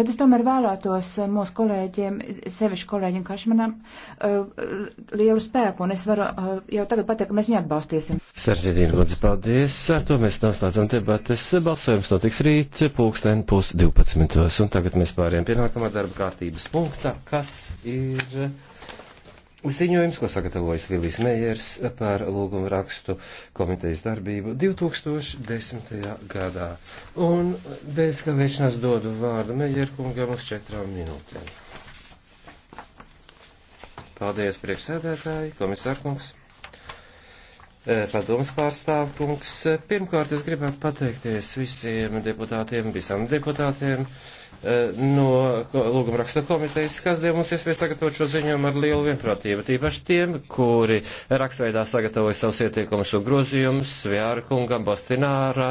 Bet es tomēr vēlētos eh, mūsu kolēģiem, sevišķi kolēģiem Kašmanam, eh, lielu spēku, un es varu eh, jau tagad pateikt, ka mēs viņu atbalstīsim. Saržģītība, lūdzu, paldies. Ar to mēs noslēdzam debates. Balsojums notiks rīt, pulksten pus 12. Un tagad mēs pāriem pie nākamā darba kārtības punkta, kas ir. Ziņojums, ko sagatavojas Vilijs Meijers par lūgumu rakstu komitejas darbību 2010. gadā. Un bez kavēšanās dodu vārdu Meijerkungam uz četrām minūtēm. Paldies, priekšsēdētāji, komisārkungs, eh, padomas pārstāvkungs. Pirmkārt, es gribētu pateikties visiem deputātiem, visām deputātiem Eh, no lūguma raksta komitejas, kas deva mums iespēju sagatavot šo ziņojumu ar lielu vienprātību. Tīpaši tiem, kuri rakstveidā sagatavoja savus ieteikumus un grozījumus, Vjāra kungam, Bostināra,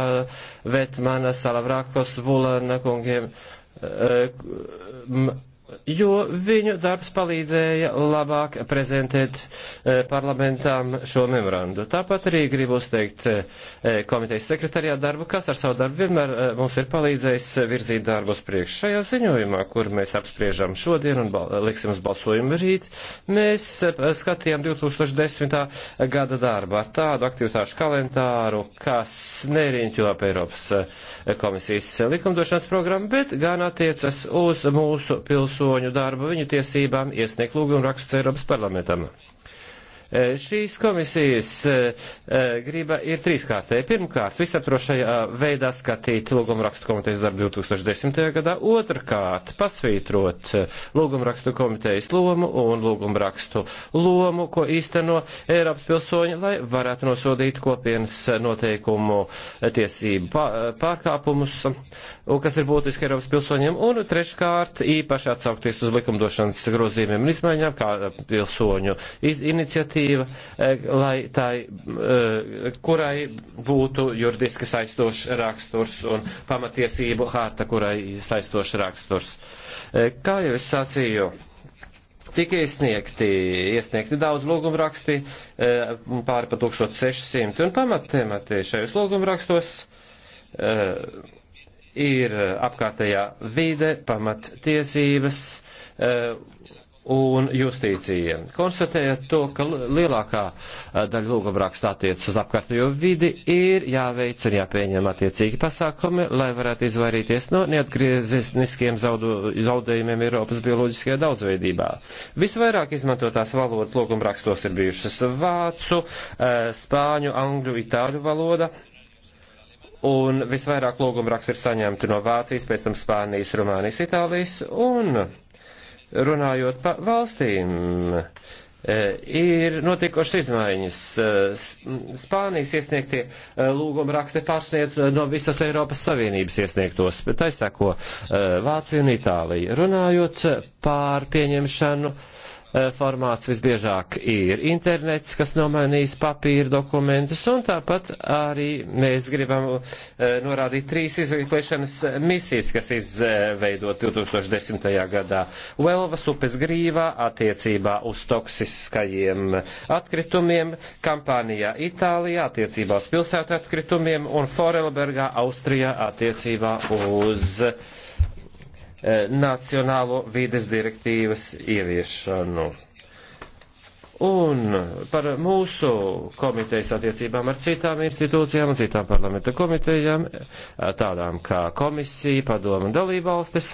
Vetmana, Salavrakos, Vulana kungiem, eh, jo viņu darbs palīdzēja labāk prezentēt e, parlamentām šo memorandu. Tāpat arī gribu uzteikt e, e, komitejas sekretariā darbu, kas ar savu darbu vienmēr mums ir palīdzējis virzīt darbu uz priekšu. Šajā ziņojumā, kur mēs apspriežam šodien un liksim uz balsojumu rīt, mēs skatījām 2010. gada darbu ar tādu aktivitāšu kalendāru, kas neriņķo ap Eiropas komisijas likumdošanas programmu, bet gan attiecas uz mūsu pilsētu pilsoņu darbu viņu tiesībām iesniegt lūgumu rakstus Eiropas parlamentam. Eh, šīs komisijas eh, eh, griba ir trīskārtē. Pirmkārt, visaptrošajā veidā skatīt lūgumrakstu komitejas darbu 2010. gadā. Otrkārt, pasvītrot lūgumrakstu komitejas lomu un lūgumrakstu lomu, ko īsteno Eiropas pilsoņi, lai varētu nosodīt kopienas noteikumu tiesību pārkāpumus, kas ir būtiski Eiropas pilsoņiem. Un treškārt, īpaši atsaukties uz likumdošanas grozījumiem un izmaiņām, kā pilsoņu iniciatīvu iniciatīva, e, lai tai, e, kurai būtu juridiski saistošs raksturs un pamatiesību hārta, kurai saistošs raksturs. E, kā jau es sacīju, Tika iesniegti, iesniegti daudz lūgumraksti, pāri pa 1600, un pamattemati šajos lūgumrakstos ir apkārtējā vide, pamattiesības, un justīcija. Konstatējot to, ka lielākā daļa lūgumrakstā attiec uz apkārtējo vidi, ir jāveic un jāpieņem attiecīgi pasākumi, lai varētu izvairīties no neatgriezniskiem zaudu, zaudējumiem Eiropas bioloģiskajā daudzveidībā. Visvairāk izmantotās valodas lūgumrakstos ir bijušas vācu, spāņu, angļu, itāļu valoda. Un visvairāk lūgumrakstu ir saņemti no Vācijas, pēc tam Spānijas, Rumānijas, Itālijas un Runājot par valstīm, e, ir notikušas izmaiņas. E, Spānijas iesniegtie e, lūguma raksti pārsniedz no visas Eiropas Savienības iesniegtos, bet aizsako Vācija un Itālija. Runājot pār pieņemšanu Eh, formāts visbiežāk ir internets, kas nomainīs papīra dokumentus, un tāpat arī mēs gribam eh, norādīt trīs izveidošanas misijas, kas izveidot 2010. gadā Velvas upes grīvā attiecībā uz toksiskajiem atkritumiem, kampānijā Itālijā attiecībā uz pilsētu atkritumiem un Forelbergā Austrijā attiecībā uz Eh, nacionālo vides direktīvas ieviešanu. Un par mūsu komitejas attiecībām ar citām institūcijām un citām parlamenta komitejām, eh, tādām kā komisija, padoma un dalībvalstis,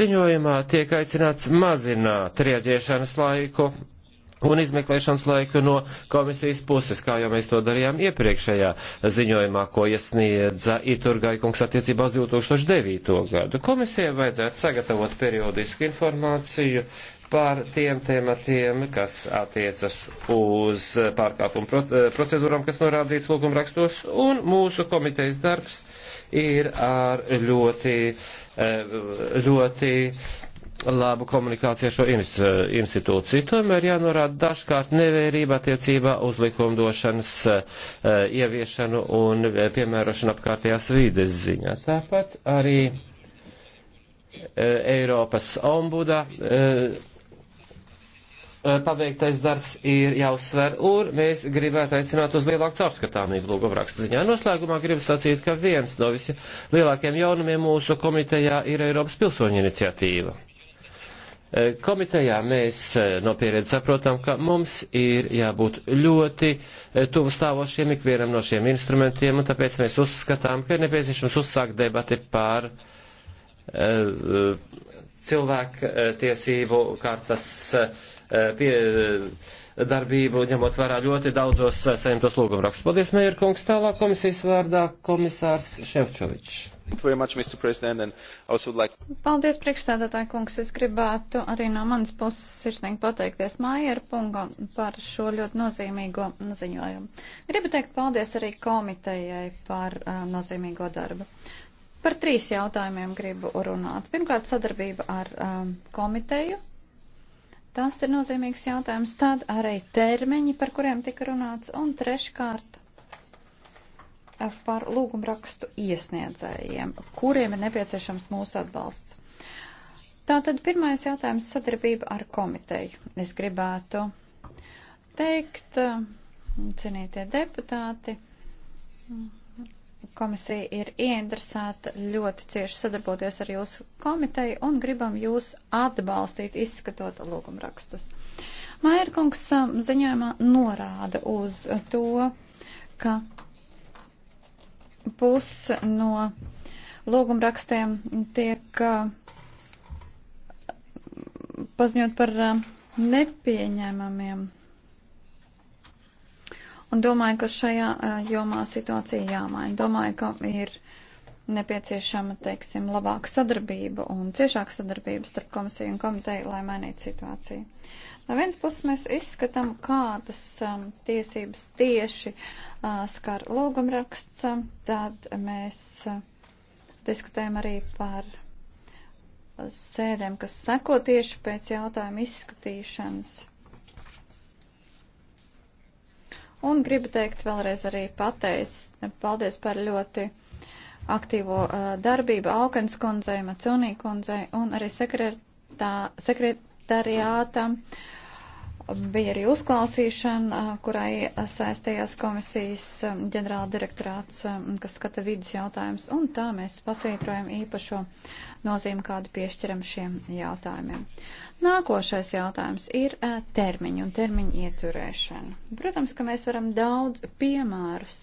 ziņojumā tiek aicināts mazināt rieģiešanas laiku un izmeklēšanas laiku no komisijas puses, kā jau mēs to darījām iepriekšējā ziņojumā, ko iesniedza Iturgaikungs attiecībā uz 2009. gadu. Komisijai vajadzētu sagatavot periodisku informāciju par tiem tematiem, kas attiecas uz pārkāpumu procedūram, kas norādīts lūgumrakstos, un mūsu komitejas darbs ir ar ļoti, eh, ļoti labu komunikāciju ar šo eh, institūciju. Tomēr jānorāda dažkārt nevērība attiecībā uz likumdošanas eh, ieviešanu un eh, piemērošanu apkārtējās vīdes ziņā. Tāpat arī Eiropas ombuda paveiktais darbs ir jāuzsver, un mēs gribētu aicināt uz lielāku caurskatāmību lūgumu rakstu ziņā. Noslēgumā gribu sacīt, ka viens no vislielākajiem jaunumiem mūsu komitejā ir Eiropas pilsoņu iniciatīva. Eh, komitejā mēs eh, no pieredzes saprotam, ka mums ir jābūt ļoti eh, tuvu stāvošiem ikvienam no šiem instrumentiem, un tāpēc mēs uzskatām, ka ir nepieciešams uzsākt debati par cilvēku tiesību kartas pie, darbību, ņemot vērā ļoti daudzos eh, saimtos lūgumrakstus. Paldies, Mējer kungs, tālāk komisijas vārdā komisārs Ševčovičs. Like... Paldies, priekšstādātāji kungs. Es gribētu arī no manas puses sirsnīgi pateikties Mājeru kungam par šo ļoti nozīmīgo ziņojumu. Gribu teikt paldies arī komitejai par uh, nozīmīgo darbu. Par trīs jautājumiem gribu runāt. Pirmkārt, sadarbība ar um, komiteju Tas ir nozīmīgs jautājums. Tad arī termiņi, par kuriem tika runāts, un treškārt eh, par lūgumrakstu iesniedzējiem, kuriem ir nepieciešams mūsu atbalsts. Tātad pirmais jautājums - sadarbība ar komiteju. Es gribētu teikt, eh, cienītie deputāti, komisija ir ieinteresēta ļoti cieši sadarboties ar jūsu komiteju un gribam jūs atbalstīt, izskatot lūgumrakstus. Mairkungs um, ziņojumā norāda uz to, ka puse no lūgumrakstiem tiek uh, paziņot par uh, nepieņēmamiem Un domāju, ka šajā eh, jomā situācija jāmaina. Domāju, ka ir nepieciešama, teiksim, labāka sadarbība un ciešāka sadarbība starp komisiju un komiteju, lai mainītu situāciju. No vienas puses mēs izskatām, kādas um, tiesības tieši uh, skar lūgumraksts, tad mēs uh, diskutējam arī par sēdēm, kas seko tieši pēc jautājuma izskatīšanas. Un gribu teikt vēlreiz arī pateic, paldies par ļoti aktīvo uh, darbību Aukens kundzei, Macunī kundzei un arī sekretā, sekretariātam. Bija arī uzklausīšana, uh, kurai saistījās komisijas um, ģenerāla direktorāts, um, kas skata vidas jautājumus, un tā mēs pasvītrojam īpašo nozīmi, kādu piešķiram šiem jautājumiem. Nākošais jautājums ir termiņi un termiņu ieturēšana. Protams, ka mēs varam daudz piemērus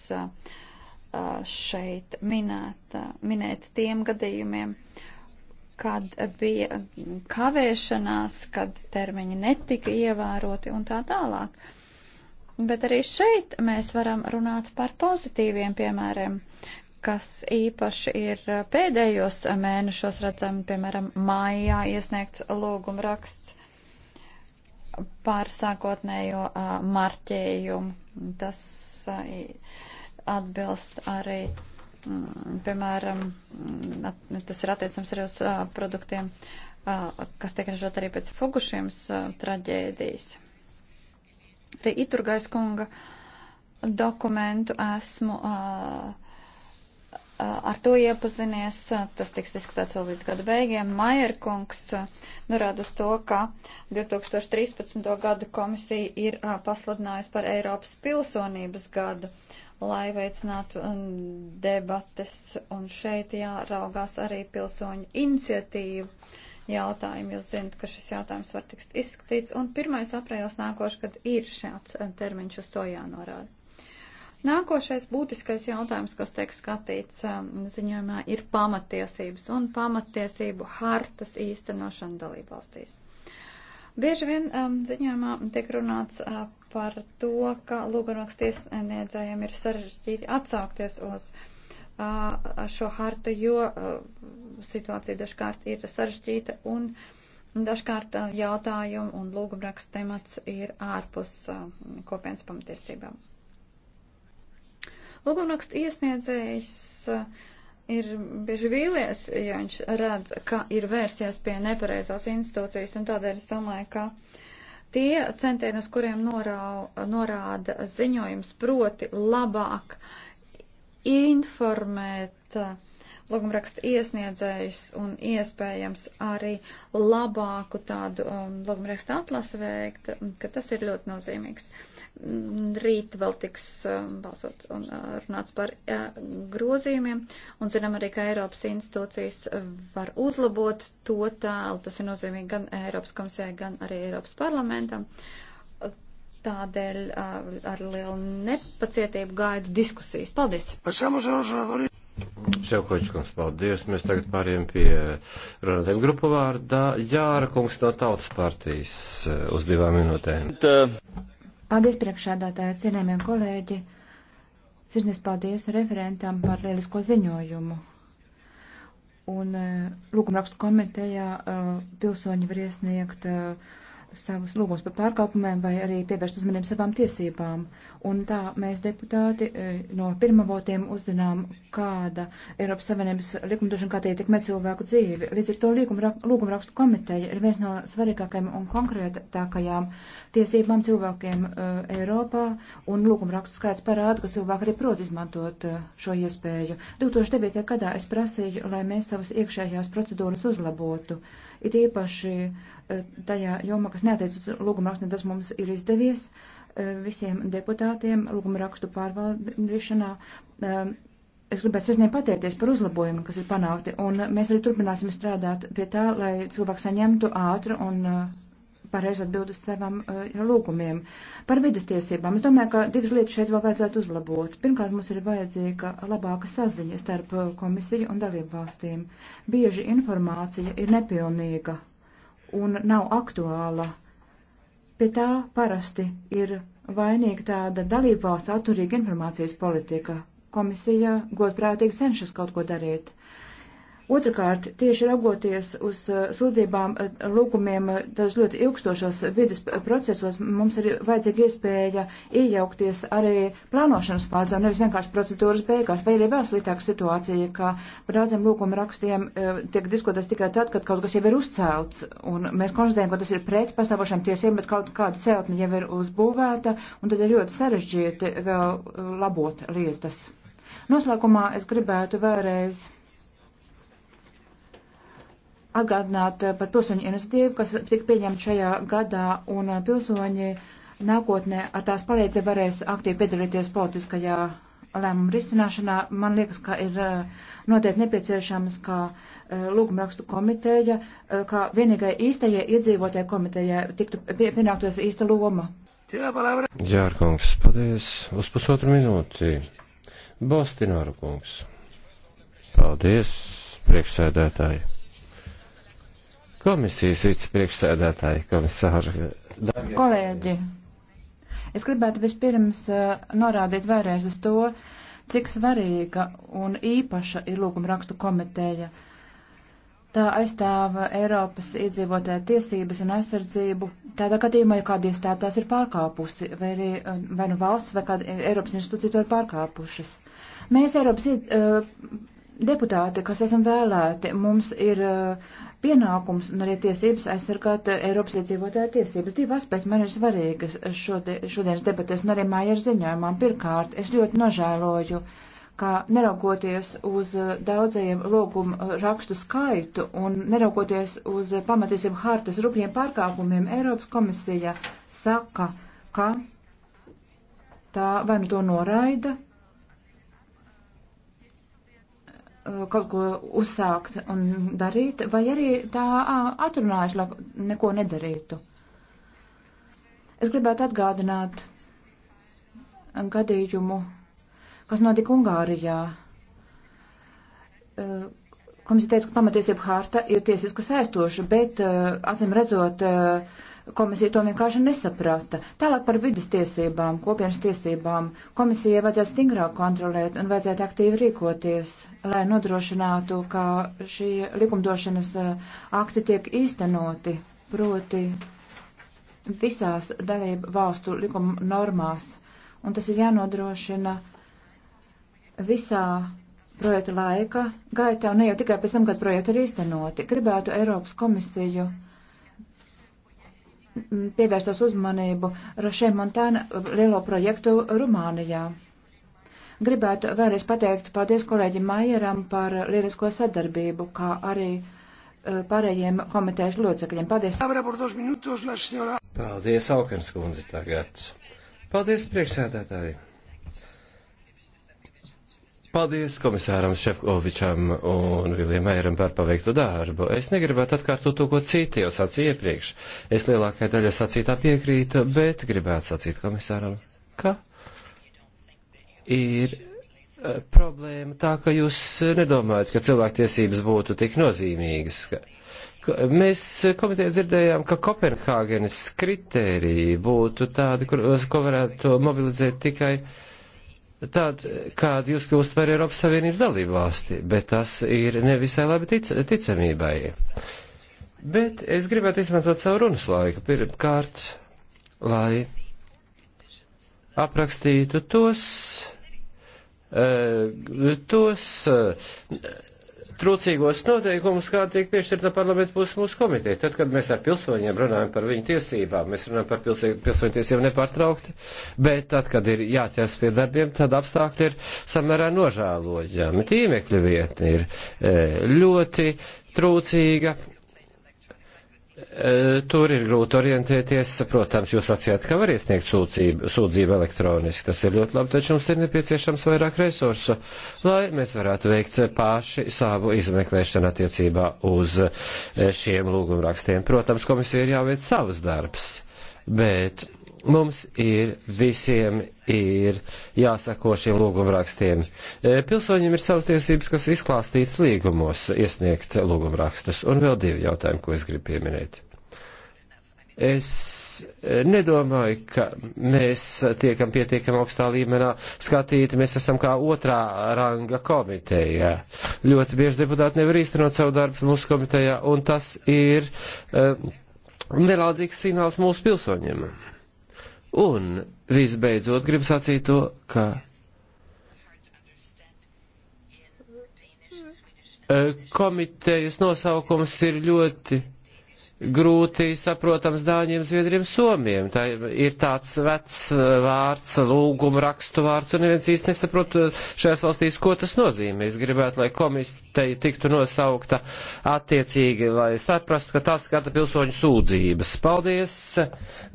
šeit minēt, minēt tiem gadījumiem, kad bija kavēšanās, kad termiņi netika ievēroti un tā tālāk. Bet arī šeit mēs varam runāt par pozitīviem piemēriem. Uh, kas īpaši ir pēdējos mēnešos redzami, piemēram, maijā iesniegts lūguma raksts par sākotnējo uh, marķējumu. Tas uh, atbilst arī, mm, piemēram, mm, at, tas ir attiecams arī uz uh, produktiem, uh, kas tiek ražot arī pēc Fugušiems uh, traģēdijas. Arī Iturgais kunga dokumentu esmu. Uh, ar to iepazinies, tas tiks diskutēts vēl līdz gada beigiem. Maierkungs uh, norāda uz to, ka 2013. gadu komisija ir uh, pasludinājusi par Eiropas pilsonības gadu, lai veicinātu um, debates, un šeit jāraugās arī pilsoņu iniciatīvu jautājumu. Jūs zinat, ka šis jautājums var tikt izskatīts, un 1. aprīlis nākošais, kad ir šāds uh, termiņš, uz to jānorāda. Nākošais būtiskais jautājums, kas tiek skatīts um, ziņojumā, ir pamatiesības un pamatiesību hartas īstenošana dalībvalstīs. Bieži vien um, ziņojumā tiek runāts uh, par to, ka lūgumraks tiesniedzējiem ir sarežģīti atsaukties uz uh, šo hartu, jo uh, situācija dažkārt ir sarežģīta un dažkārt uh, jautājumu un lūgumraks temats ir ārpus uh, kopienas pamatiesībām. Lūgumraksta iesniedzējs uh, ir bieži vīlies, ja viņš redz, ka ir vērsies pie nepareizās institūcijas, un tādēļ es domāju, ka tie centieni, uz kuriem norau, norāda ziņojums, proti labāk informēt uh, logumraksta iesniedzējus un iespējams arī labāku tādu um, logumraksta atlasi veikt, ka tas ir ļoti nozīmīgs. Mm, rīt vēl tiks um, balsots un uh, runāts par uh, grozījumiem, un zinām arī, ka Eiropas institūcijas var uzlabot to tēlu. Tas ir nozīmīgi gan Eiropas komisijai, gan arī Eiropas parlamentam. Tādēļ uh, ar lielu nepacietību gaidu diskusijas. Paldies! Ševkoģis kungs, paldies. Mēs tagad pāriem pie runātēm grupu vārdā. Jāra kungs no tautas partijas eh, uz divām minūtēm. Paldies priekšādātāji, cienējamie kolēģi. Sirdnieks paldies referentam par lielisko ziņojumu. Un eh, lūgumrakstu komitejā eh, pilsoņi var iesniegt uh, savus lūgumus par pārkāpumiem vai arī pievērst uzmanību savām tiesībām. Un tā mēs deputāti e, no pirmavotiem uzzinām, kāda Eiropas Savienības likumdošana kā tie tikmē cilvēku dzīvi. Līdz ar to lūguma rakstu komiteja ir viens no svarīgākajiem un konkrētākajām tiesībām cilvēkiem uh, Eiropā, un lūguma rakstu skaits parāda, ka cilvēki arī prot izmantot uh, šo iespēju. 2009. gadā es prasīju, lai mēs savas iekšējās procedūras uzlabotu, it īpaši uh, tajā jomā, kas neatiecas lūguma rakstiem, tas mums ir izdevies eh, visiem deputātiem lūguma rakstu pārvaldīšanā. Eh, es gribētu sirsnīgi pateikties par uzlabojumiem, kas ir panākti, un mēs arī turpināsim strādāt pie tā, lai cilvēks saņemtu ātru un eh, pareizi atbild uz savam uh, lūgumiem. Par vidas tiesībām. Es domāju, ka divas lietas šeit vēl vajadzētu uzlabot. Pirmkārt, mums ir vajadzīga labāka saziņa starp komisiju un dalību valstīm. Bieži informācija ir nepilnīga un nav aktuāla. Pie tā parasti ir vainīga tāda dalībvalsts atturīga informācijas politika. Komisija godprātīgi cenšas kaut ko darīt, Otrakārt, tieši raugoties uz uh, sūdzībām, uh, lūgumiem, uh, tas ļoti ilgstošos vidas procesos, mums ir vajadzīga iespēja iejaukties arī plānošanas fāzē, nevis vienkārši procedūras beigās, vai arī vēl sliktāka situācija, ka par daudziem lūguma rakstiem tiek diskutēts tikai tad, kad kaut kas jau ir uzcelts, un mēs konstatējam, ka tas ir pret pastāvošām tiesiem, bet kaut kāda celtne jau ir uzbūvēta, un tad ir ļoti sarežģīti vēl labot lietas. Noslēgumā es gribētu vēlreiz atgādināt eh, par pilsoņu iniciatīvu, kas tika pieņemta šajā gadā, un eh, pilsoņi nākotnē ar tās palīdzību varēs aktīvi piedalīties politiskajā lēmumu risināšanā. Man liekas, ka ir eh, noteikti nepieciešams, ka lūgumrakstu komiteja, kā vienīgai īstajai iedzīvotāji komitejai tiktu pienāktos īsta loma. Jārkungs, paldies uz pusotru minūti. Bostināru kungs. Paldies, priekšsēdētāji. Komisijas vicepriekšsēdētāji, komisāri. Kolēģi, es gribētu vispirms eh, norādīt vēlreiz uz to, cik svarīga un īpaša ir lūguma rakstu komiteja. Tā aizstāv Eiropas iedzīvotāju tiesības un aizsardzību tādā gadījumā, ja kāda iestāde tās ir pārkāpusi, vai arī eh, vai nu valsts vai kāda Eiropas institūcija to ir pārkāpušas. Mēs Eiropas eh, deputāti, kas esam vēlēti, mums ir eh, pienākums un arī tiesības aizsargāt eh, Eiropas iedzīvotāju tiesības. Divi aspekti man ir svarīgi šodienas debatēs un arī māja ir ziņojumā. Pirmkārt, es ļoti nožēloju, ka neraugoties uz eh, daudzajiem lūgumu rakstu skaitu un neraugoties uz pamatīsim hartas rupjiem pārkāpumiem, Eiropas komisija saka, ka tā vai nu to noraida Uh, kaut ko uzsākt un darīt, vai arī tā atrunājuši, lai neko nedarītu. Es gribētu atgādināt gadījumu, kas notika Ungārijā. Uh, komisija teica, ka pamatiesība hārta ir tiesiski saistoša, bet, uh, acīm redzot, uh, Komisija to vienkārši nesaprata. Tālāk par vidas tiesībām, kopienas tiesībām. Komisijai vajadzētu stingrāk kontrolēt un vajadzētu aktīvi rīkoties, lai nodrošinātu, ka šī likumdošanas eh, akti tiek īstenoti, proti visās dalību valstu likuma normās. Un tas ir jānodrošina visā projekta laika gaitā, un ne jau tikai pēc tam, kad projekti ir īstenoti. Gribētu Eiropas komisiju pievērstos uzmanību Rošē Montāna lielo projektu Rumānijā. Gribētu vēlreiz pateikt paldies kolēģim Maieram par lielisko sadarbību, kā arī eh, pārējiem komitejas locekļiem. Paldies! Paldies, Aukens kundze, tagad. Paldies, priekšsēdētāji! Paldies komisāram Šefkovičam un Viliem Eiram par paveikto darbu. Es negribētu atkārtot to, ko citi jau sacīja iepriekš. Es lielākajai daļai sacītā piekrītu, bet gribētu sacīt komisāram, ka ir eh, problēma tā, ka jūs nedomājat, ka cilvēktiesības būtu tik nozīmīgas. Mēs komitē dzirdējām, ka Kopenhāgenes kritērija būtu tādi, kur, ko varētu mobilizēt tikai uh, tad, kad jūs kļūst par Eiropas Savienības dalību valsti, bet tas ir nevisai labi tic, ticamībai. Bet es gribētu izmantot savu runas laiku pirmkārt, lai aprakstītu tos, uh, tos uh, trūcīgos noteikumus, kā tiek piešķirta parlamenta puses mūsu komiteja. Tad, kad mēs ar pilsoņiem runājam par viņu tiesībām, mēs runājam par pilsoņu tiesībām nepārtraukti, bet tad, kad ir jāķers pie darbiem, tad apstākļi ir samērā nožēlojami. Tīmekļa vietne ir e, ļoti trūcīga, E, tur ir grūti orientēties, protams, jūs atsījāt, ka var iesniegt sūdzību, sūdzību elektroniski, tas ir ļoti labi, taču mums ir nepieciešams vairāk resursu, lai mēs varētu veikt paši savu izmeklēšanu attiecībā uz šiem lūgumrakstiem. Protams, komisija ir jāveic savas darbs, bet mums ir visiem ir jāsako šiem lūgumrakstiem. E, pilsoņiem ir savas tiesības, kas izklāstīts līgumos iesniegt lūgumrakstus. Un vēl divi jautājumi, ko es gribu pieminēt. Es eh, nedomāju, ka mēs tiekam pietiekam augstā līmenā skatīti, mēs esam kā otrā ranga komitejā. Ļoti bieži deputāti nevar īstenot savu darbu mūsu komitejā, un tas ir um, nelādzīgs signāls mūsu pilsoņiem. Un visbeidzot, gribu sacīt to, ka eh, komitejas nosaukums ir ļoti grūti saprotams dāņiem, zviedriem, somiem. Tā ir tāds vecs uh, vārds, lūguma rakstu vārds, un neviens īsti nesaprot uh, šajās valstīs, ko tas nozīmē. Es gribētu, lai komisija tiktu nosaukta attiecīgi, lai saprastu, ka tas skata pilsoņu sūdzības. Paldies!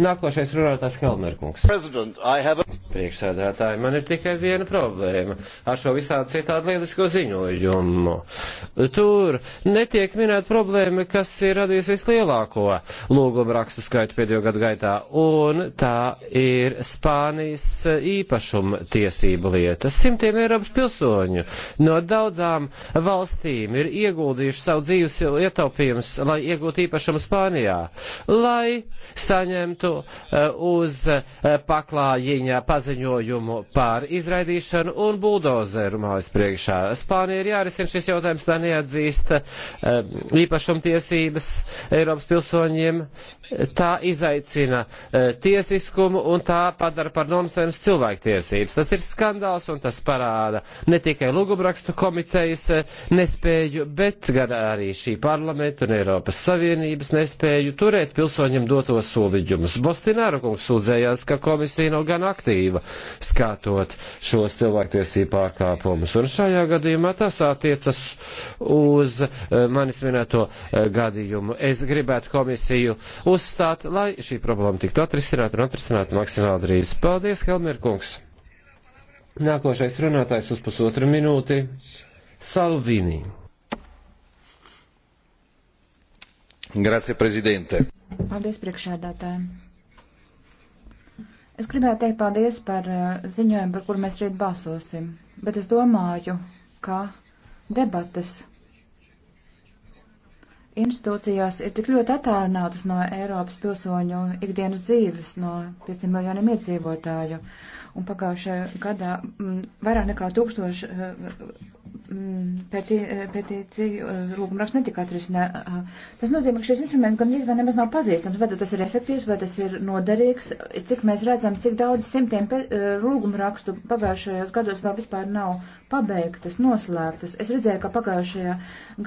Nākošais runātājs Helmerkungs. Have... Priekšsēdētāji, man ir tikai viena problēma ar šo visādi citādi lielisko ziņojumu. Tur netiek minēta problēma, kas ir radījusies lielā lielāko lūgumu rakstu skaitu pēdējo gadu gaitā, un tā ir Spānijas īpašuma tiesību lieta. Simtiem Eiropas pilsoņu no daudzām valstīm ir ieguldījuši savu dzīves ietaupījumus, lai iegūtu īpašumu Spānijā, lai saņemtu eh, uz eh, paklājiņa paziņojumu par izraidīšanu un buldozeru mājas priekšā. Spānija ir jārisina šis jautājums, tā neatzīst eh, īpašumtiesības Eiropas Eiropas pilsoņiem tā izaicina e, tiesiskumu un tā padara par nonsens cilvēktiesības. Tas ir skandāls un tas parāda ne tikai lūgumrakstu komitejas e, nespēju, bet gan arī šī parlamenta un Eiropas Savienības nespēju turēt pilsoņiem dotos solījumus. Bostināra kungs sūdzējās, ka komisija nav gan aktīva skatot šos cilvēktiesību pārkāpumus. Un šajā gadījumā tas attiecas uz e, manis minēto gadījumu. Es gribētu komisiju uz uzstāt, lai šī problēma tiktu atrisināta un atrisināta maksimāli drīz. Paldies, Helmer kungs! Nākošais runātājs uz pusotru minūti - Salvini. Grazie, prezidente. Paldies, priekšādātājiem. Es gribētu teikt paldies par uh, ziņojumu, par kuru mēs rīt balsosim, bet es domāju, ka debatas institūcijās ir tik ļoti attālinātas no Eiropas pilsoņu ikdienas dzīves, no 500 miljoniem iedzīvotāju. Uh, un pagājušajā gadā m, mm, vairāk nekā tūkstoši eh, mm, petīciju eh, eh, lūgumraksts netika atrisinā. Tas nozīmē, ka šis instruments gan drīz vai nemaz nav pazīstams, vai tas ir efektīvs, vai tas ir noderīgs, cik mēs redzam, cik daudz simtiem lūgumrakstu pagājušajos gados vēl vispār nav pabeigtas, noslēgtas. Es redzēju, ka pagājušajā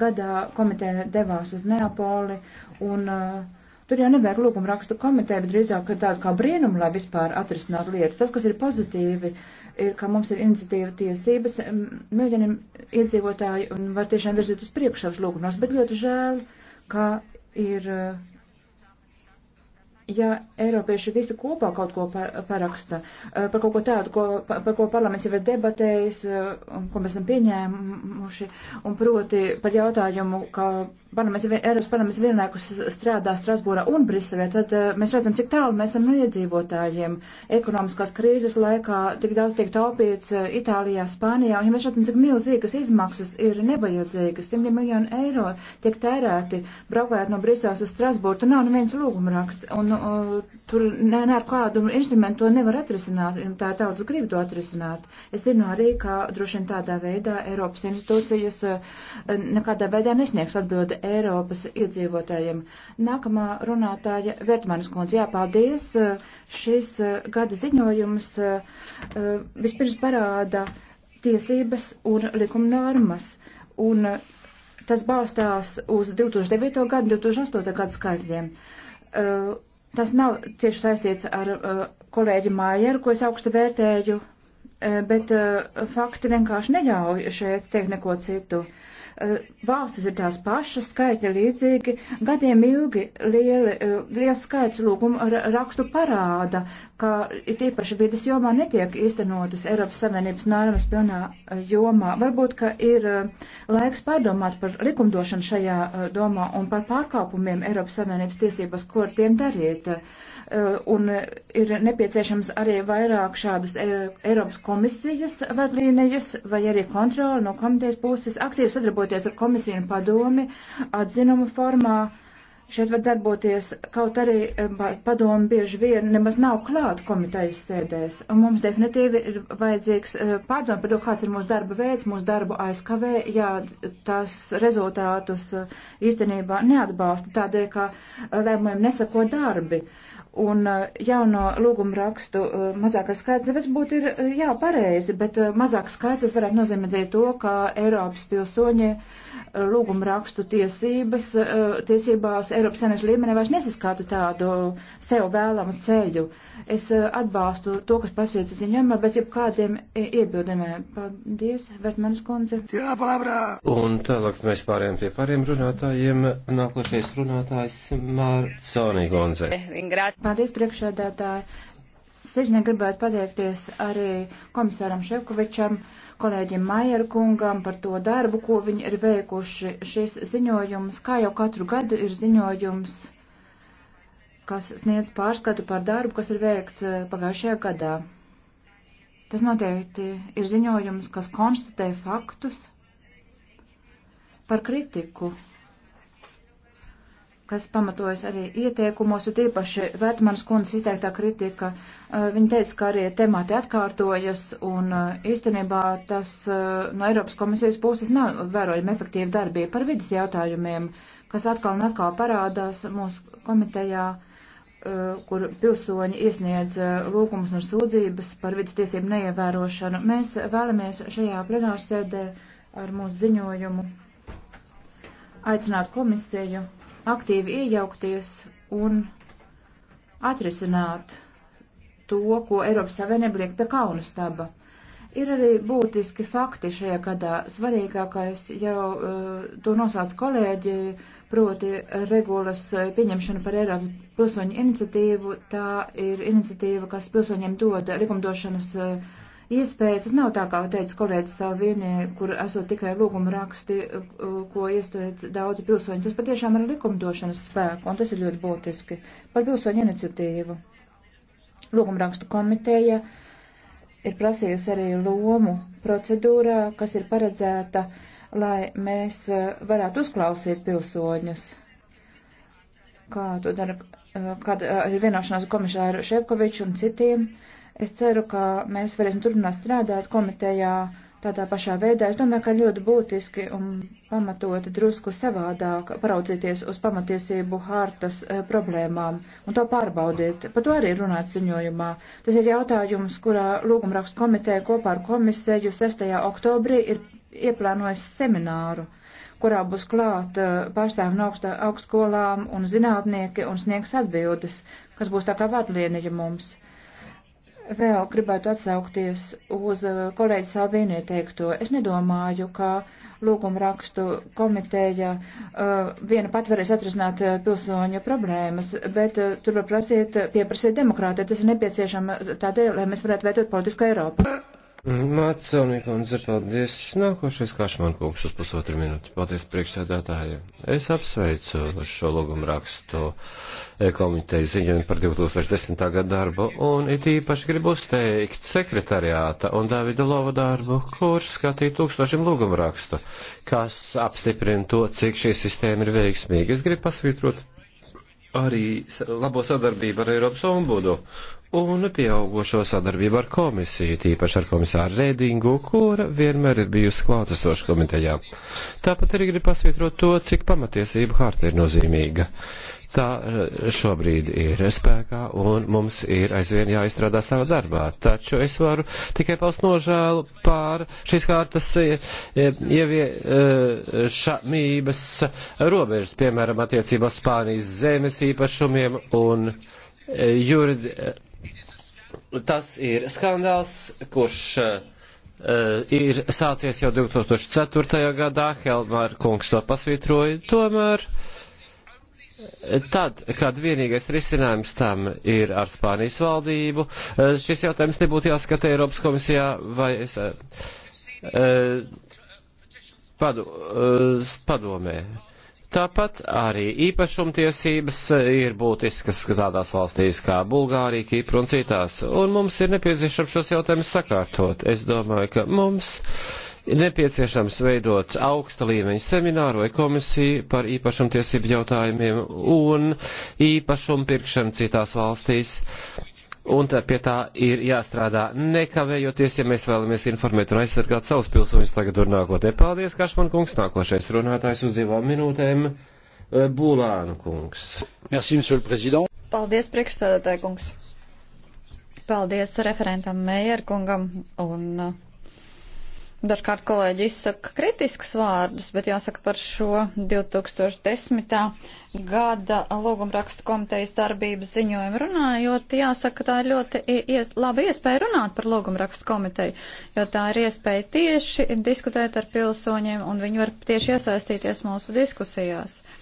gadā komiteja devās uz Neapoli un uh, Tur jau nevajag lūguma rakstu komentēt, bet drīzāk tādu kā brīnumu, lai vispār atrisināt lietas. Tas, kas ir pozitīvi, ir, ka mums ir iniciatīva tiesības miljoniem iedzīvotāju un var tiešām virzīt uz priekšu savas lūgumas, bet ļoti žēl, ka ir uh, ja Eiropieši visi kopā kaut ko par, paraksta, eh, par kaut ko tādu, ko, par, par ko parlaments jau ir debatējis, eh, un ko mēs esam pieņēmuši, un proti par jautājumu, ka parlaments, Eiropas parlaments vienlaikus strādā Strasbūrā un Briselē, tad eh, mēs redzam, cik tālu mēs esam no iedzīvotājiem. Ekonomiskās krīzes laikā tik daudz tiek taupīts Itālijā, Spānijā, un ja mēs redzam, cik milzīgas izmaksas ir nevajadzīgas, 100 miljonu eiro tiek tērēti, braukājot no Briseles uz Strasbūru, tur nav neviens lūguma raksts. Un, uh, tur ne, ne ar kādu instrumentu to nevar atrisināt, un tā tautas grib to atrisināt. Es zinu arī, ka droši vien tādā veidā Eiropas institūcijas uh, nekādā veidā nesniegs atbildi Eiropas iedzīvotājiem. Nākamā runātāja Vertmanis kundze, jā, paldies. Uh, šis uh, gada ziņojums uh, uh, vispirms parāda tiesības un likuma normas. Un, uh, tas balstās uz 2009. gadu, 2008. gadu skaitļiem. Uh, Tas nav tieši saistīts ar uh, kolēģi Mājeru, ko es augstu vērtēju, uh, bet uh, fakti vienkārši neļauj šeit teikt neko citu. Uh, Eh, valstis ir tās pašas, skaitļi līdzīgi, gadiem ilgi lieli, eh, liels skaits lūgumu rakstu parāda, ka tīpaši vidas jomā netiek īstenotas Eiropas Savienības normas pilnā eh, jomā. Varbūt, ka ir laiks pārdomāt par likumdošanu šajā domā un par pārkāpumiem Eiropas Savienības tiesības, ko ar tiem darīt. Uh, Eh, un ir nepieciešams arī vairāk šādas eh, Eiropas komisijas vadlīnijas vai arī kontroli no komitejas puses, aktīvi sadarboties ar komisiju un padomi atzinumu formā. Šeit var darboties, kaut arī eh, padomu bieži vien nemaz nav klāt komitejas sēdēs. Un mums definitīvi ir vajadzīgs padomu par to, kāds ir mūsu darba veids, mūsu darbu aizkavē, ja tās rezultātus īstenībā neatbalsta tādēļ, ka lēmumiem nesako darbi. Uh, un eh, jauno lūgumu rakstu eh, mazākais skaits, tāpēc būtu ir eh, jā, pareizi, bet mazāks skaits tas varētu nozīmēt to, ka Eiropas pilsoņi lūgumu rakstu tiesības, tiesībās Eiropas senēšu līmenī vairs nesaskata tādu sev vēlamu ceļu. Es atbalstu to, kas pasīca ziņojumā, bez jebkādiem iebildumiem. Paldies, Vertmanis kundze. Jā, palabrā! Un tālāk mēs pārējām pie pāriem runātājiem. Nākošais runātājs Mārconī kundze. Ingrāt. Paldies, priekšsēdētāji. Sešdien gribētu pateikties arī komisāram Ševkovičam, kolēģim Maier kungam par to darbu, ko viņi ir veikuši. Šis ziņojums, kā jau katru gadu, ir ziņojums, kas sniedz pārskatu par darbu, kas ir veikts eh, pagājušajā gadā. Tas noteikti ir ziņojums, kas konstatē faktus par kritiku kas pamatojas arī ieteikumos, ir īpaši Vetmanas kundzes izteiktā kritika. Viņa teica, ka arī temāti atkārtojas, un īstenībā tas no Eiropas komisijas puses nav vērojama efektīva darbība par vidas jautājumiem, kas atkal un atkal parādās mūsu komitejā kur pilsoņi iesniedz lūgumus un sūdzības par vidas tiesību neievērošanu. Mēs vēlamies šajā plenārsēdē ar mūsu ziņojumu aicināt komisiju aktīvi iejaukties un atrisināt to, ko Eiropas Savienība liek pie kauna staba. Ir arī būtiski fakti šajā gadā. Svarīgākais jau uh, to nosauc kolēģi, proti regulas eh, pieņemšana par Eiropas pilsoņu iniciatīvu. Tā ir iniciatīva, kas pilsoņiem dod likumdošanas uh, iespējas. Tas nav tā, kā teica kolēģis Salvīnē, kur esot tikai lūguma raksti, ko iestājiet daudzi pilsoņi. Tas patiešām ir likumdošanas spēku, un tas ir ļoti būtiski. Par pilsoņu iniciatīvu. Lūguma rakstu komiteja ir prasījusi arī lomu procedūrā, kas ir paredzēta, lai mēs eh, varētu uzklausīt pilsoņus. Kā to dara, eh, kad ir eh, vienošanās komisāru Ševkoviču un citiem. Uh, Es ceru, ka mēs varēsim turpināt strādāt komitejā tādā pašā veidā. Es domāju, ka ļoti būtiski un pamatoti drusku savādāk paraudzīties uz pamatiesību hārtas e, eh, problēmām un to pārbaudīt. Par to arī runāt ziņojumā. Tas ir jautājums, kurā lūgumrakstu komiteja kopā ar komisiju 6. oktobrī ir ieplānojis semināru kurā būs klāt eh, pārstāvi no augstskolām un zinātnieki un sniegs atbildes, kas būs tā kā vadlīnija mums. Vēl gribētu atsaukties uz uh, kolēģi Salvīnie teikto. Es nedomāju, ka lūguma rakstu komiteja uh, viena pat varēs atrisināt uh, pilsoņu problēmas, bet uh, tur var prasīt, pieprasīt demokrātiju. Tas ir nepieciešama tādēļ, lai mēs varētu veidot politisku Eiropu. Mācāvnieka un zepaldies. Nākošais Kašman kungs uz pusotru minūti. Paldies priekšsēdētājiem. Es apsveicu šo logumu rakstu komiteju ziņojumu par 2010. gadu darbu un it īpaši gribu uzteikt sekretariāta un Davida Lova darbu, kurš skatīja tūkstošiem logumu rakstu, kas apstiprina to, cik šī sistēma ir veiksmīga. Es gribu pasvītrot arī labo sadarbību ar Eiropas ombudu un pieaugušo sadarbību ar komisiju, tīpaši ar komisāru Redingu, kura vienmēr ir bijusi klātesoša komitejā. Tāpat arī grib pasvietrot to, cik pamatiesība harta ir nozīmīga. Tā eh, šobrīd ir spēkā un mums ir aizvien jāizstrādā savā darbā. Taču es varu tikai paust nožēlu pār šīs kārtas eh, ieviešamības eh, robežas, piemēram, attiecībā Spānijas zemes īpašumiem un jurid, Tas ir skandāls, kurš eh, ir sācies jau 2004. gadā, Helmāra kungs to pasvītroja, tomēr eh, tad, kad vienīgais risinājums tam ir ar Spānijas valdību, eh, šis jautājums nebūtu jāskata Eiropas komisijā vai es, padu, padomē. Tāpat arī īpašumtiesības ir būtiskas tādās valstīs kā Bulgārija, Kipra un citās, un mums ir nepieciešams šos jautājumus sakārtot. Es domāju, ka mums ir nepieciešams veidot augsta līmeņa semināru vai komisiju par īpašumtiesību jautājumiem un īpašumu pirkšanu citās valstīs un pie tā ir jāstrādā nekavējoties, ja mēs vēlamies informēt un aizsargāt savus pilsoņus tagad un nākotnē. Paldies, Kašman kungs, nākošais runātājs uz divām minūtēm eh, - Būlānu kungs. Merci, monsieur le président. Paldies, priekšstādātāja kungs. Paldies referentam Meijer kungam un eh, Dažkārt kolēģi izsaka kritisks vārdus, bet jāsaka par šo 2010. gada lūgumrakstu komitejas darbības ziņojumu runājot, jāsaka, tā ir ļoti ies, laba iespēja runāt par lūgumrakstu komiteju, jo tā ir iespēja tieši diskutēt ar pilsoņiem un viņi var tieši iesaistīties mūsu diskusijās. Uh,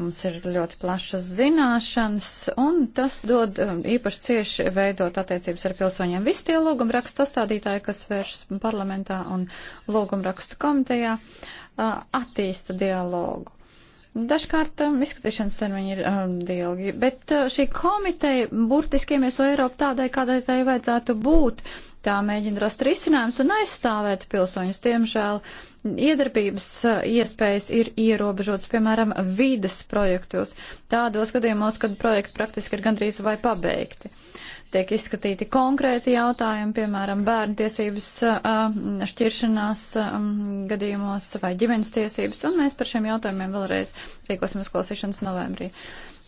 Mums ir ļoti plašas zināšanas, un tas dod um, īpaši cieši veidot attiecības ar pilsoņiem. Visi tie lūgumrakstu sastādītāji, kas vēršas parlamentā un lūgumrakstu komitejā, uh, attīsta dialogu. Dažkārt um, izskatīšanas termiņi ir um, ilgi, bet uh, šī komiteja burtiski iemieso Eiropu tādai, kādai tai vajadzētu būt. Tā mēģina rast risinājums un aizstāvēt pilsoņus. Tiemžēl Iedarbības uh, iespējas ir ierobežotas, piemēram, vides projektos, tādos gadījumos, kad projekti praktiski ir gandrīz vai pabeigti tiek izskatīti konkrēti jautājumi, piemēram, bērnu tiesības šķiršanās gadījumos vai ģimenes tiesības, un mēs par šiem jautājumiem vēlreiz rīkosim uzklausīšanas novembrī.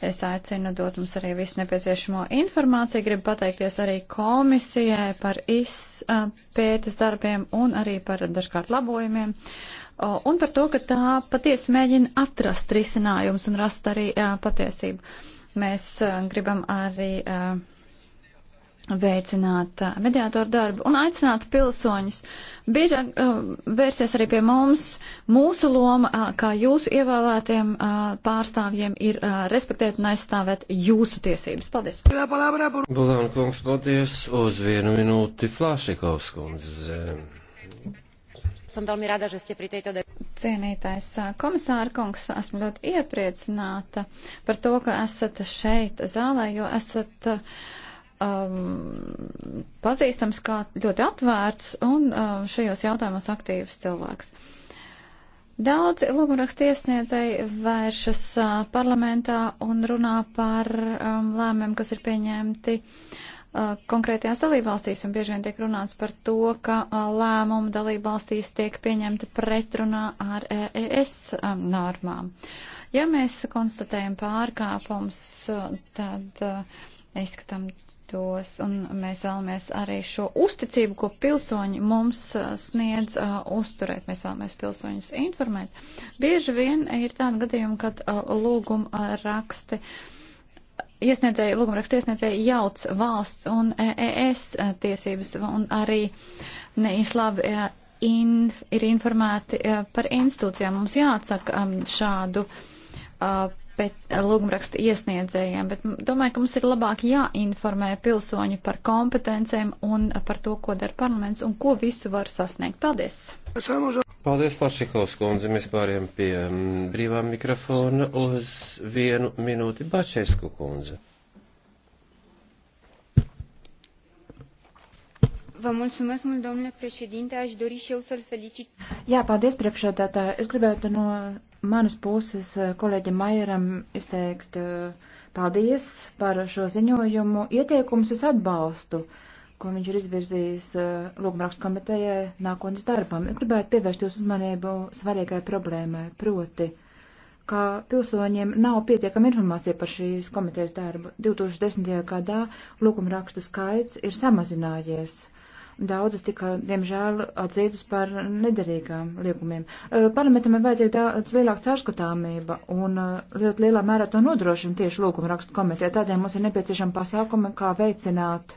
Es aicinu dot mums arī visu nepieciešamo informāciju, gribu pateikties arī komisijai par izpētes darbiem un arī par dažkārt labojumiem. Un par to, ka tā patiesi mēģina atrast risinājums un rast arī patiesību. Mēs gribam arī uh, veicināt uh, mediātoru darbu un aicināt pilsoņus. Biežāk uh, vērsties arī pie mums. Mūsu loma, uh, kā jūsu ievēlētiem uh, pārstāvjiem, ir uh, respektēt un aizstāvēt jūsu tiesības. Paldies! Bulāna kungs, paldies! Uz vienu minūti Flāšikovs kundze. Esam veľmi rada, že ste pri tejto Cienītais uh, komisāra kungs, esmu ļoti iepriecināta par to, ka esat šeit zālē, jo esat uh, um, pazīstams kā ļoti atvērts un um, šajos jautājumos aktīvs cilvēks. Daudzi lūgumrakstu iesniedzēji vēršas uh, parlamentā un runā par um, lēmēm, kas ir pieņemti uh, konkrētajās dalībvalstīs, un bieži vien tiek runāts par to, ka uh, lēmumi dalībvalstīs tiek pieņemti pretrunā ar EES um, normām. Ja mēs konstatējam pārkāpums, uh, tad uh, izskatām tos, un mēs vēlamies arī šo uzticību, ko pilsoņi mums sniedz, uh, uzturēt. Mēs vēlamies pilsoņus informēt. Bieži vien ir tāda gadījuma, kad uh, lūguma raksti. Iesniedzēji, lūguma raksta iesniedzēji jauc valsts un EES e, tiesības un arī neizlabi in, ir informēti par institūcijām. Mums jāatsaka um, šādu uh, bet lūgumraksta iesniedzējiem, bet domāju, ka mums ir labāk jāinformē pilsoņi par kompetencēm un par to, ko dara parlaments un ko visu var sasniegt. Paldies! Paldies, Lašikovs kundze. Mēs pāriem pie brīvā mikrofona uz vienu minūti Bačesku kundze. Vă mulțumesc mult, domnule președinte. Aș dori și eu să-l felicit. Jā, paldies, priekšsēdētāji. Es gribētu no manas puses eh, kolēģim Maieram izteikt eh, paldies par šo ziņojumu. Ieteikums es atbalstu, ko viņš ir izvirzījis eh, Lūgumrakstu komitejai nākotnes darbam. Es gribētu pievērst jūsu uzmanību svarīgai problēmai, proti ka pilsoņiem nav pietiekama informācija par šīs komitejas darbu. 2010. gadā lūgumrakstu skaits ir samazinājies Daudzas tika, diemžēl, atzītas par nederīgām liekumiem. Parlamentam ir vajadzīga daudz lielāka caurskatāmība un ļoti lielā mērā to nodrošina tieši lūguma rakstu komitē. Tādēļ mums ir nepieciešama pasākuma, kā veicināt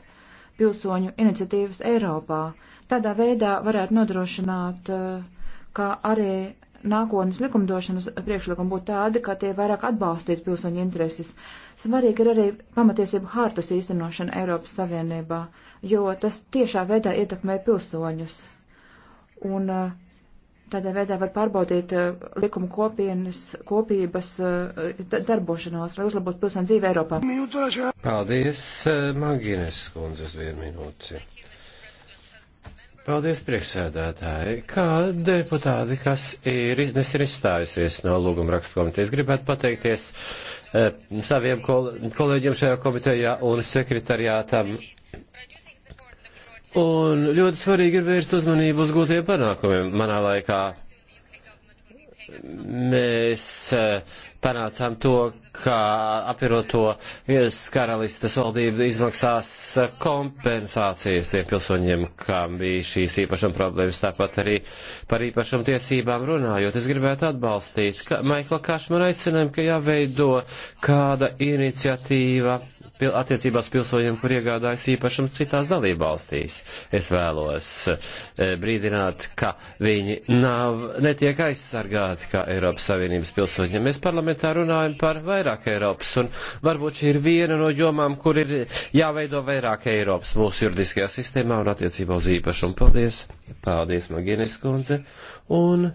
pilsoņu iniciatīvas Eiropā. Tādā veidā varētu nodrošināt, ka arī nākotnes likumdošanas priekšlikumi būtu tādi, ka tie vairāk atbalstītu pilsoņu intereses. Svarīgi ir arī pamatiesību hārtas īstenošana Eiropas Savienībā. Uh, jo tas tiešā veidā ietekmē pilsoņus. Un eh, tādā veidā var pārbaudīt eh, likuma kopienas, kopības eh, darbošanos, lai uzlabotu pilsoņu dzīvi Eiropā. Paldies, Magīnes skundzes, vienu minūti. Paldies, priekšsēdētāji. Kā deputāti, kas ir, ir izstājusies no lūguma rakstu komitejas, gribētu pateikties eh, saviem kol kolēģiem šajā komitejā un sekretariātam Un ļoti svarīgi ir vērst uzmanību uz gūtiem panākumiem. Manā laikā mēs eh, panācām to, ka apvienoto karalistas valdība izmaksās eh, kompensācijas tiem pilsoņiem, kam bija šīs īpašuma problēmas. Tāpat arī par īpašuma tiesībām runājot, es gribētu atbalstīt ka Maikla Kašmana aicinājumu, ka jāveido kāda iniciatīva pil attiecībās pilsoņiem, kur iegādājas īpašums citās dalībvalstīs. Es vēlos e, brīdināt, ka viņi nav, netiek aizsargāti kā Eiropas Savienības pilsoņiem. Mēs parlamentā runājam par vairāk Eiropas, un varbūt šī ir viena no jomām, kur ir jāveido vairāk Eiropas mūsu juridiskajā sistēmā un attiecībā uz īpašumu. Paldies! Paldies, Magienes kundze! Un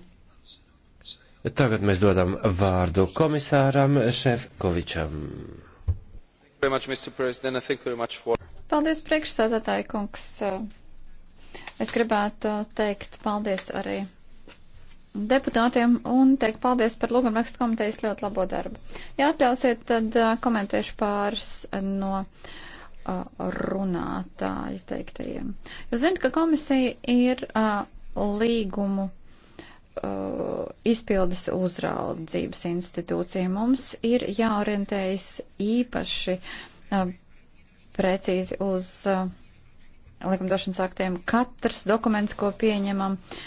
Tagad mēs dodam vārdu komisāram Šefkovičam. Paldies, priekšsādātāji kungs. Es gribētu teikt paldies arī deputātiem un teikt paldies par lūgumrakstu komitejas ļoti labo darbu. Ja atļausiet, tad komentēšu pāris no runātāju teiktajiem. Jūs zināt, ka komisija ir līgumu uh, izpildes uzraudzības institūcija. Mums ir jāorientējas īpaši uh, precīzi uz uh, likumdošanas aktiem. Katrs dokuments, ko pieņemam, uh,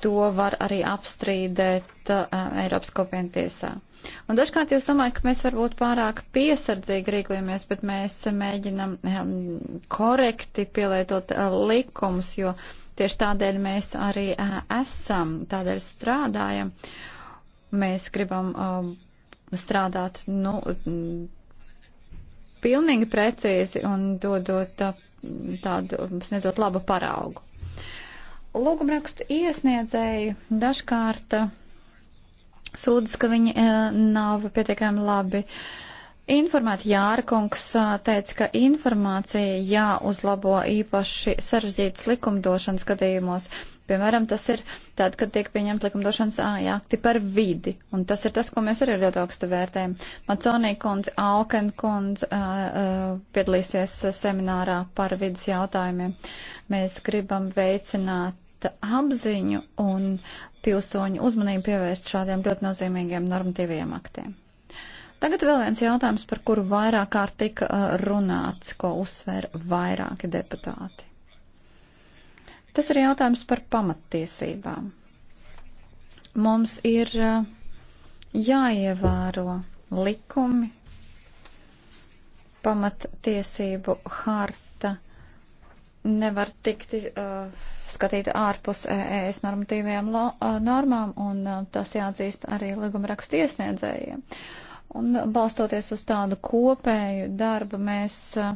to var arī apstrīdēt uh, Eiropas kopienu tiesā. Un dažkārt jūs domājat, ka mēs varbūt pārāk piesardzīgi rīkojamies, bet mēs mēģinam um, korekti pielietot uh, likumus, jo tieši tādēļ mēs arī uh, esam, tādēļ strādājam. Mēs gribam uh, strādāt, nu, pilnīgi precīzi un dodot uh, tādu, sniedzot labu paraugu. Lūgumrakstu iesniedzēju dažkārt eh, sūdzas, ka viņi eh, nav pietiekami labi informēti. Jārkungs eh, teica, ka informācija jāuzlabo īpaši sarežģītas likumdošanas gadījumos. Piemēram, tas ir tad, kad tiek pieņemta likumdošanas akti par vidi, un tas ir tas, ko mēs arī ļoti augstu vērtējam. Maconī kundze, Alken kundze uh, uh, piedalīsies seminārā par vidas jautājumiem. Mēs gribam veicināt apziņu un pilsoņu uzmanību pievērst šādiem ļoti nozīmīgiem normatīviem aktiem. Tagad vēl viens jautājums, par kuru vairāk kārt tika uh, runāts, ko uzsver vairāki deputāti. Tas ir jautājums par pamattiesībām. Mums ir uh, jāievēro likumi, pamattiesību harta nevar tikt uh, skatīta ārpus ES e normatīvajām lo, uh, normām, un uh, tas jāatzīst arī likumrakstu iesniedzējiem. Un balstoties uz tādu kopēju darbu, mēs uh,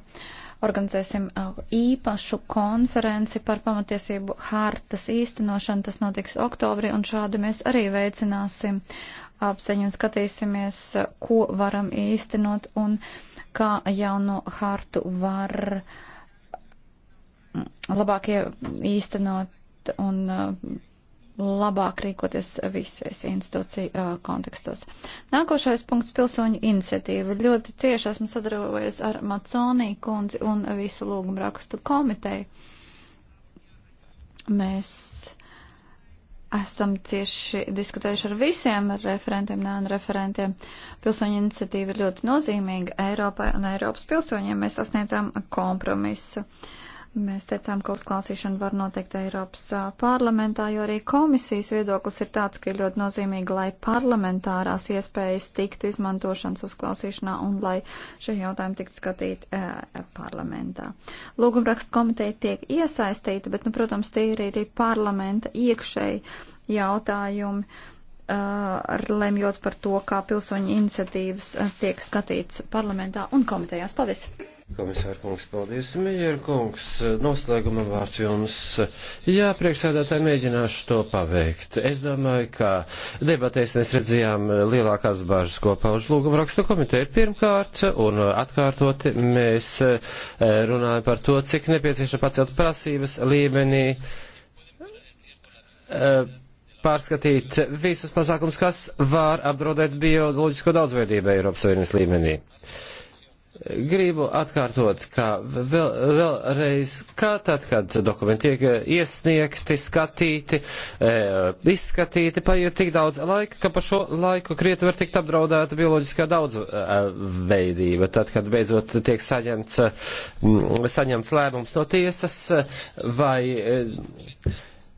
organizēsim uh, īpašu konferenci par pamatiesību hartas īstenošanu. Tas notiks oktobrī, un šādi mēs arī veicināsim apziņu un skatīsimies, uh, ko varam īstenot un kā jauno hartu var uh, labāk īstenot un uh, labāk rīkoties visos institūciju uh, kontekstos. Nākošais punkts - pilsoņu iniciatīva. Ļoti cieši esmu sadarbojies ar Maconī kundzi un visu lūgumu rakstu komiteju. Mēs esam cieši diskutējuši ar visiem ar referentiem, ne un referentiem. Pilsoņu iniciatīva ir ļoti nozīmīga Eiropai un Eiropas pilsoņiem. Mēs sasniedzām kompromisu. Uh, Mēs teicām, ka uzklausīšana var noteikt Eiropas parlamentā, jo arī komisijas viedoklis ir tāds, ka ir ļoti nozīmīgi, lai parlamentārās iespējas tiktu izmantošanas uzklausīšanā un lai šie jautājumi tiktu skatīti e, parlamentā. Lūgumrakstu komiteja tiek iesaistīta, bet, nu, protams, tie ir arī parlamenta iekšēji jautājumi, e, lemjot par to, kā pilsoņu iniciatīvas tiek skatīts parlamentā un komitejās. Paldies! Komisāra kungs, paldies. Mieru kungs, noslēguma vārds jums. Jā, priekšsēdētāji, mēģināšu to paveikt. Es domāju, ka debatēs mēs redzējām lielākās bāžas kopā uz lūguma rakstu komiteju pirmkārt, un atkārtoti mēs eh, runājam par to, cik nepieciešams pacelt prasības līmenī. Uh, pārskatīt visus pasākums, kas var apdraudēt bioloģisko daudzveidību Eiropas Savienības līmenī. Uh, gribu atkārtot, ka vēl, vēlreiz, kā tad, kad dokumenti tiek eh, iesniegti, skatīti, e, izskatīti, paiet tik daudz laika, ka pa šo laiku krieti var tikt apdraudēta bioloģiskā daudzveidība. Eh, tad, kad beidzot tiek saņemts, mm, saņemts lēmums no tiesas vai. E,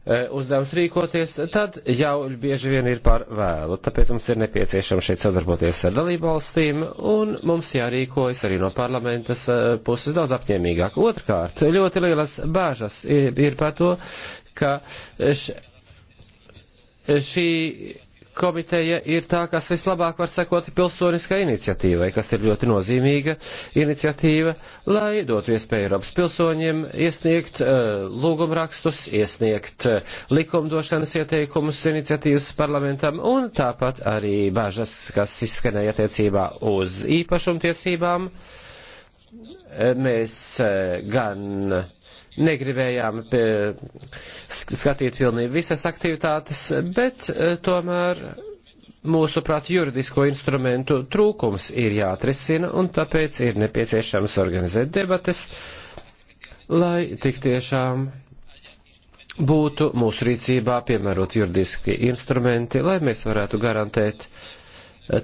E, uzdevums rīkoties, tad jau bieži vien ir par vēlu. Tāpēc mums ir nepieciešams šeit sadarboties ar dalībvalstīm, un mums jārīkojas arī no parlamentas e, puses daudz apņēmīgāk. Otrkārt, ļoti lielas bāžas ir, ir par to, ka š, šī komiteja ir tā, kas vislabāk var sekot pilsoniskai iniciatīvai, kas ir ļoti nozīmīga iniciatīva, lai dotu iespēju Eiropas pilsoņiem iesniegt uh, lūgumrakstus, iesniegt uh, likumdošanas ieteikumus iniciatīvas parlamentam un tāpat arī bažas, kas izskanēja attiecībā uz īpašumtiesībām. Eh, mēs uh, gan uh, negribējām pie, eh, skatīt pilnīgi visas aktivitātes, bet eh, tomēr mūsuprāt, juridisko instrumentu trūkums ir jāatrisina, un tāpēc ir nepieciešams organizēt debates, lai tik tiešām būtu mūsu rīcībā piemērot juridiski instrumenti, lai mēs varētu garantēt uh,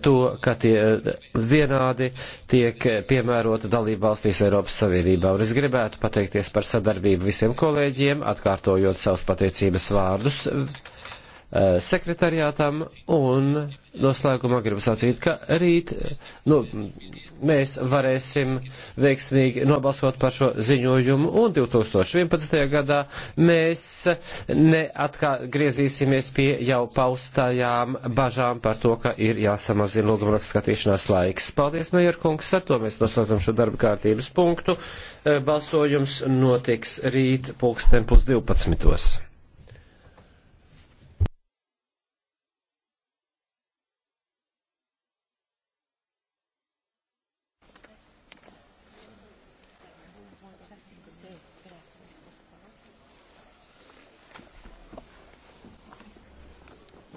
to, ka tie eh, vienādi tiek piemērota dalība valstīs Eiropas Savienībā. Un es gribētu pateikties par sadarbību visiem kolēģiem, atkārtojot savus pateicības vārdus Eh, sekretariātam un noslēgumā gribu sacīt, ka rīt eh, nu, mēs varēsim veiksmīgi nobalsot par šo ziņojumu un 2011. gadā mēs neatgriezīsimies pie jau paustajām bažām par to, ka ir jāsamazina lūgumrakstu skatīšanās laiks. Paldies, Mejerkungs, ar to mēs noslēdzam šo darba kārtības punktu. Eh, balsojums notiks rīt pulksten plus 12.